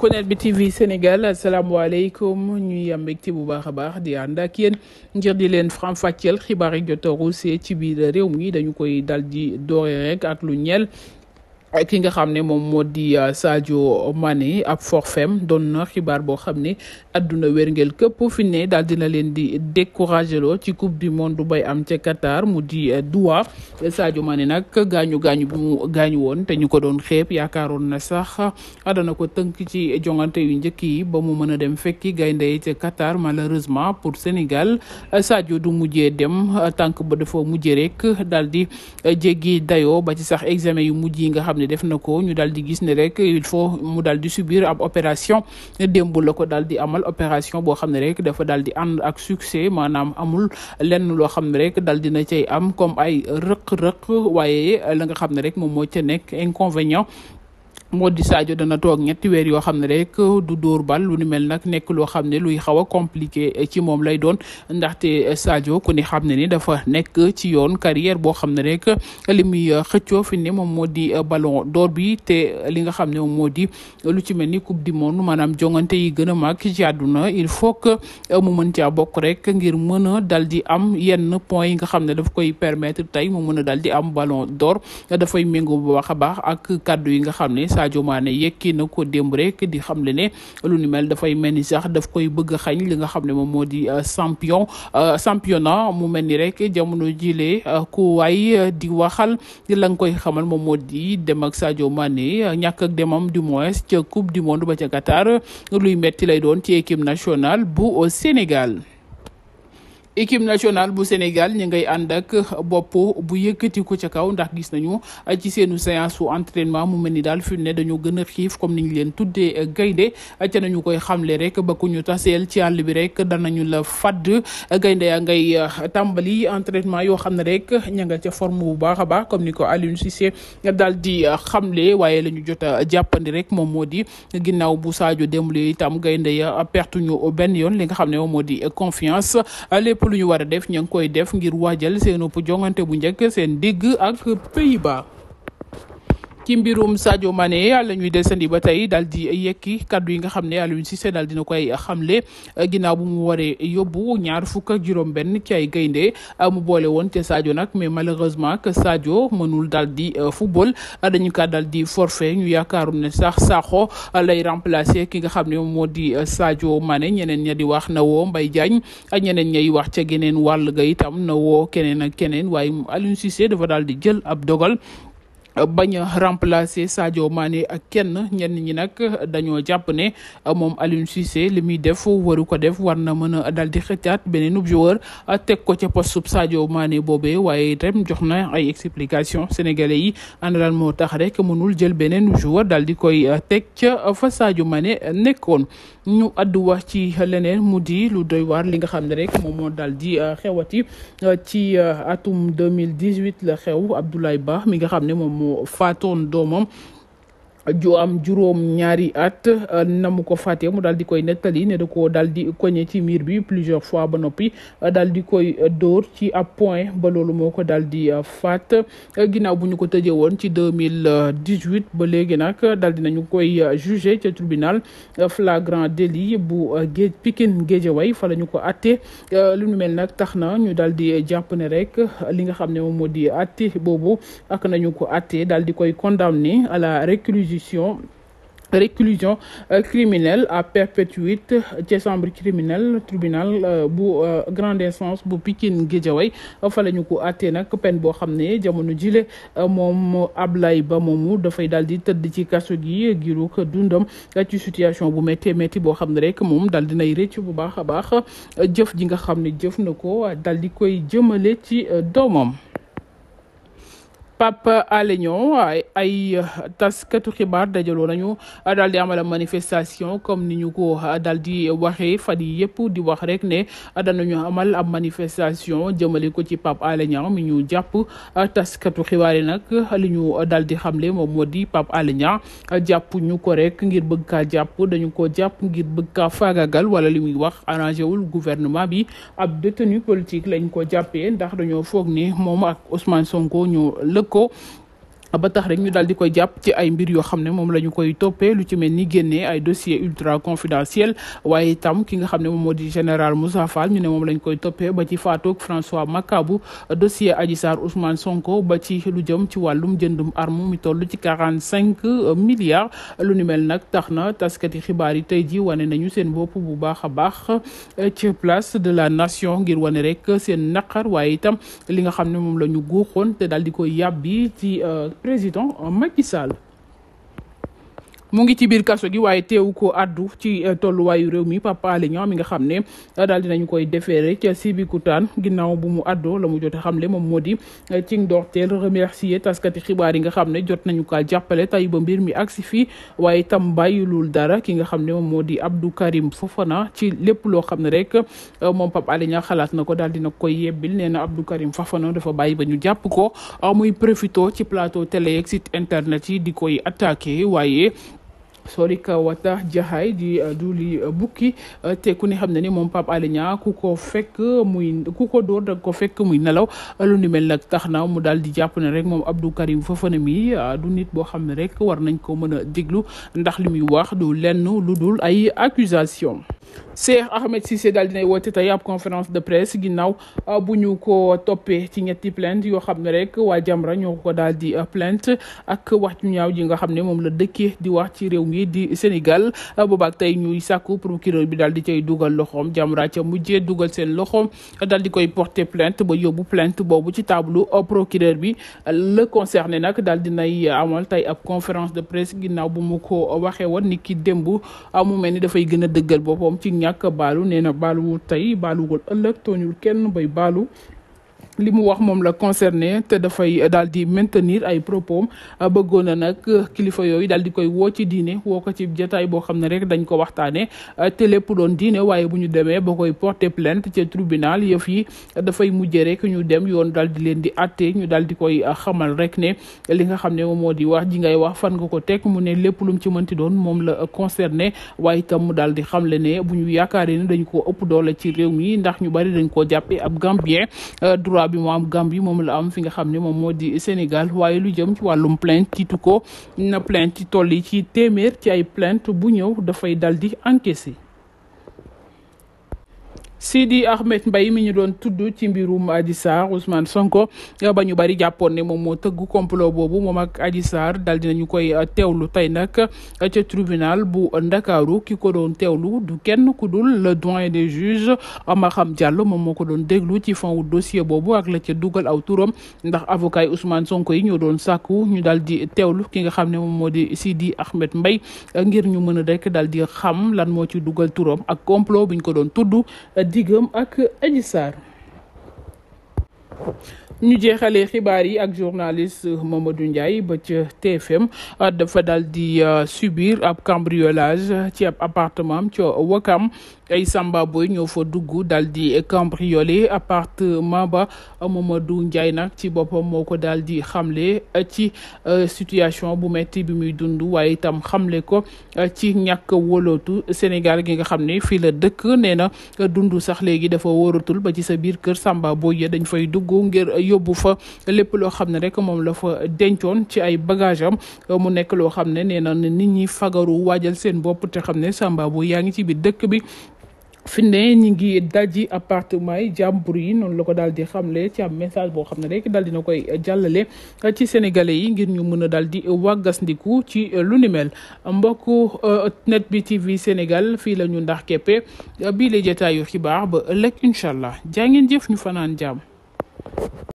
Kounet bi TV Sénégal asalaamaaleykum ñuy am mbégte bu baax a baax di ànd ak yéen ngir di leen faram-fàcceel yi jot a ruusee ci biir réew mi dañu koy dal di doore rek ak lu ñeel. ki nga xam ne moom moo di euh, Sadio Mané ab forfem doon na xibaar boo xam ne adduna wérngel këpp fi ne daal dina leen di découragé loo ci coupe du monde bay am ca Qatar mu di euh, Doha Sadio Mané nag gaañu gaañu bi gaañu woon te ñu ko doon xeeb yaakaaroon na sax dana ko tënk ci jongante yu njëkk yi ba mu mën a dem fekki gaynde yi ca Qatar malheureusement pour Sénégal Sadio du mujjee dem tànk ba dafa mujjee rek daal di jéggi dayoo ba ci sax examen yu mujj yi nga xam ne def na ko ñu daal di gis ne rek il faut mu daal di subir ab opération démb la ko daal di amal opération boo xam ne rek dafa daal di ànd ak succès maanaam amul lenn loo xam ne rek daal dina cay am comme ay rëq-rëq waaye la nga xam ne rek moom moo ca nekk inconvénient Modou Sadio dana toog ñetti weer yoo xam ne rek du dóor bal lu ni mel nag nekk loo xam ne luy xaw a compliqué ci moom lay doon ndaxte Sadio ku ne xam ne ni dafa nekk ci yoon carrière boo xam ne rek li muy xëccoo fi ne moom moo di ballon d'or bi te li nga xam ne moom moo di lu ci mel ni coupe du monde maanaam jongante yi gën a màgg ci àdduna il faut que mu mën caa bokk rek ngir mën a dal di am yenn points yi nga xam ne daf koy permettre tey mu mën a dal di am balon door dafay méngoo bu baax a baax ak kàddu yi nga xam ne. Sadio Mané yekki na ko démb rek di xam le ne lu ni mel dafay mel ni sax daf koy bëgg xañ li nga xam ne moom moo di euh, champion euh, championnat mu mel ni rek jamono jilee euh, ku waay di waxal la nga koy xamal moom moo di dem ak Sadio Mané ñàkk ak demam du moins ca coupe du monde ba ca luy metti lay doon ci équipe nationale bu Sénégal équipe nationale bu Sénégal ñu ngay ànd ak bopp bu yëkkati ko ca kaw ndax gis nañu ci seenu séance su entraînement mu mel ni daal fi ne dañoo gën a xiif comme niñ leen tuddee gaynde ca nañu koy xamle rek ba ñu taseel ci àll bi rek danañu la fadd gaynde a ngay tàmbali entraînement yoo xam ne rek ña nga ca forme bu baax a baax comme ni ko Aliou Cissé daal di xam xamle waaye la ñu jot a jàppandi rek moom moo di ginnaaw bu Sadio Dembélé itam gaynde ya ñu benn yoon li nga xam ne moom moo di confiance lépp lépp lu ñu war a def ña ngi koy def ngir waajal seen upp jongante bu njëkk seen digg ak Pays-Bas ci mbirum Sadio Mané la ñuy desandi ba tey daal di yekki kaddu yi nga xam ne Aliou Cissé daal dina koy xamle ginnaaw bu mu waree yóbbu ñaar fukk ak juróom-benn ci ay gaynde mu boole woon te Sadio nag mais malheureusement que Sadio mënul daal di euh, football dañu kaa daal di forfait ñu yaakaaru ne sax Sakho lay remplacer ki nga xam ne moo di euh, Sadio Mané ñeneen ña di wax na woo Mbaye Diagne ak ñeneen ñay wax ca geneen wàll ga itam na woo keneen ak keneen waaye si Cissé dafa daal di jël ab dogal. bañ a remplacer Sadio Mané ak kenn ñenn ñi nag dañoo jàpp ne moom Aliou Cissé li muy def waru ko def war na mën a dal di xëccaat beneen joueur teg ko ca poste Sadio Mané boobee waaye itam jox na ay explication sénégalais yi ana moo tax rek mënul jël beneen joueur dal di koy teg ca fa Sadio Mané nekkoon. ñu àddu wax ci leneen mu di lu doy waar li nga xam ne rek moom moo daal di euh, xewati euh, ci euh, atum 2018 la xew Abdoulaye Ba mi nga xam ne moom moo faatoon doomam ju am juróom ñaari at na mu ko fàtte mu daal di koy nettali ne da ko daal di koñe ci miir bi plusieurs fois ba noppi daal di koy door ci ab point ba loolu moo ko daal di faat ginnaaw bu ñu ko tëjee woon ci deux mille dix-huit ba léegi nag daal di nañu koy jugé ca tribunal flagrant délit bu géej Pikine Géejawaay fa la ñu ko atte lu ñu mel nag tax na ñu daal di jàpp ne rek li nga xam ne moom moo di atte boobu ak nañu ko atte daal di koy condamné à la réclusion réclusion réclusion euh, criminelle à perpétuité ci chambre criminelle tribunal euh, bu euh, grande instance bu Pikine Guédiawaye fa la ko àttee nag peine boo xam ne jamono jile moom ab Ablaye Ba moomu dafay daal di tëdd ci kaso gi giru ko dundam ci situation bu métti métti boo xam ne rek moom daal dinay rëcc bu baax a baax jëf ji nga xam ne jëf na ko daal di koy jëmale ci doomam Pape Alé Niang ay taskatu xibaar dajaloo nañu daal di amal manifestation comme ni ñu ko ah, daal di waxee fan yi yëpp di wax rek ne danañu amal a manifestation jëmale ko ci Pape Alé mi ñu jàpp a ah, taskatu xibaar yi nag li ñu daal xam le moom moo di Pape Alé Niang ah, jàpp ñu ko rek ngir bëgg kaa jàpp dañu ko jàpp ngir bëgg ka fagagal wala li muy wax arrangé wul gouvernement bi ab détenu politique lañ ko jàppee ndax dañoo foog ne moom ak Sonko ñu lëkk ko ba tax rek ñu daal di koy jàpp ci ay mbir yoo xam ne moom la ñu koy toppee lu ci mel ni génnee ay dossier ultra confidentiel waaye itam ki nga xam ne moom moo di général Moussa Fall ñu ne moom lañ koy ba ci faatoog François Makabu dossier Adji Sarr Ousmane Sonko ba ci lu jëm ci wàllum jëndum arme mi toll ci quarante cinq milliards lu ni mel nag tax na taskati xibaar yi tey ji wane nañu seen bopp bu baax a baax eh, ci place de la nation ngir wane rek seen naqar waaye itam li nga xam ne moom la ñu guuxoon te daal di koy yàbbi ci eh, président Macky Sall mu ngi ci biir kaso gi waaye teewu ko addu ci eh, tolluwaayu réew mi Pape Alé Niang mi nga xam ne eh, daal dinañu koy defeere ca Sébikotane ginnaaw bu mu addoo la mu jot a xamle moom moo di ci eh, ndorteel remercier taskati xibaar yi nga xam ne jot nañu kaa jàppale tey ba mbir mi agsi fii waaye itam bàyyilul dara ki nga xam ne moom moo di Abdou Karim Fofana ci lépp loo xam ne rek moom Pape Alé Niang xalaat na ko daal dina koy yebbil nee na Abdou Karim Fofana dafa bàyyi ba ñu jàpp ko ah, muy profito ci plateau télé yeeg site di koy attaqué waaye soo Sorika Wata Jaxaay di euh, Duli euh, Bukki euh, te ku ne xam na ni moom Pape Alé ku ko fekk muy ku ko dóor da ko fekk muy nelaw lu ni mel nag tax na mu daal di jàpp ne rek moom Abdou Karim Fofana mi du nit boo xam ne rek war nañ ko mën a déglu ndax li muy wax du lenn lu dul ay accusation Cheikh Ahmed Cissé daal dinay woote tey ab conférence de presse ginnaaw ah, bu ñu ko toppee ci ñetti plante yoo xam ne rek waa Jamra ñoo ko daal di ah, plainte ak wax ju ñaaw ji nga xam ne moom la dëkkee di wax ci réew mi di Sénégal ah, boobaak tey ñuy sàkku procureur bi daal di cay dugal loxoom Jamra ca mujjee dugal seen loxoom daal di koy porter plainte ba yóbbu plainte boobu ci tableau procureur bi le concerné nag daal dinay amal tey ab conférence de presse ginnaaw bu mu ko waxee woon ni ki démb mu mel ni dafay gën a dëggal boppam moom ci ñàkk baalu nee na baaluwul tey baaluwul ëllëg tooñul kenn bay baalu li mu wax moom la concerné te dafay daal di maintenir ay propos ah, bëggoon na nag kilifa yooyu daal di koy woo ci diine woo ko ci jotaay boo xam ne rek dañ ko waxtaanee ah, te lépp doon diine waaye bu ñu demee ba koy porter plainte ca tribunal yëf yi dafay mujjee rek ñu dem yoon daal di leen di atte ñu daal di koy ah, xamal rek ne li nga xam ne moom moo di wax ji ngay wax fan nga ko tek mu ne lépp lum mu ci mënti doon moom la concerné waaye tam mu daal di xamle ne bu ñu yaakaaree ne dañ ko ëpp doole ci réew mi ndax ñu bari dañ koo jàppee ab Gambien bi mu am Gambie moom la am fi nga xam ne moom moo di Sénégal waaye lu jëm ci wàllum plainte kiitu ko na plainte toll yi ci téeméer ci ay plainte bu ñëw dafay dal di encaissé Sidi Ahmed mbay mi ñu doon tudd ci mbirum Adji Sarr Ousmane Sonko ba ñu bari jàppoon ne moom moo tëggu complot boobu moom ak Adji Sarr daal dinañu koy euh, teewlu tey nag euh, ca tribunal bu Ndakaaru ki ko doon teewlu du kenn ku dul le doyen des juges xam Diallo moom moo ko doon déglu ci fond wu dossier boobu ak la ca dugal aw turam ndax avocat yi Ousmane Sonko yi ñoo doon saku ñu daal di teewlu ki nga xam ne moom moo di Sidi Ahmed mbay ngir ñu mën a rek daal di xam lan moo ci dugal turam ak complot buñ ko doon tudd diggam ak Adji Sarr ñu jeexalee xibaar yi ak journaliste Mamadou Ndiaye ba ca TFM dafa dal di euh, subir ab cambriolage ci ab appartement am ca ay samba boy ñoo fa dugg daal di cambriolé appartement ba du Ndiaye nag ci boppam moo ko daal di xamle ci euh, situation bu metti bi muy dund waaye itam xamle ko euh, ci ñàkk wolotu Sénégal gi nga xam ne fii la dëkk nee na dund sax léegi dafa waratul ba ci sa biir kër samba boy ya dañ fay dugg ngir yóbbu fa lépp loo xam ne rek moom la fa dencoon ci ay bagage am mu nekk loo xam ne nee na nit ñi fagaru waajal seen bopp te xam ne samba boy yaa ngi ci biir dëkk bi fi ne ñi ngi daji appartement yi jàmbur yi noonu la ko daal di xamle ci am message boo xam ne rek daal dina koy jàllale ci sénégalais yi ngir ñu mën a daal di wàggasndiku ci lu ni mel mbokk euh, net bi tv sénégal fii la ñu ndax keppe bii la jotaayu xibaar ba ëllëg incha allah jaa ngeen jëf ñu fanaan jàmm